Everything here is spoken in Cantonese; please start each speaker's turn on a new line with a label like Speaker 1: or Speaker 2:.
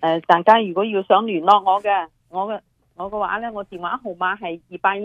Speaker 1: 誒，大家如果要想聯絡我嘅，我嘅我嘅話咧，我電話號碼係二八一。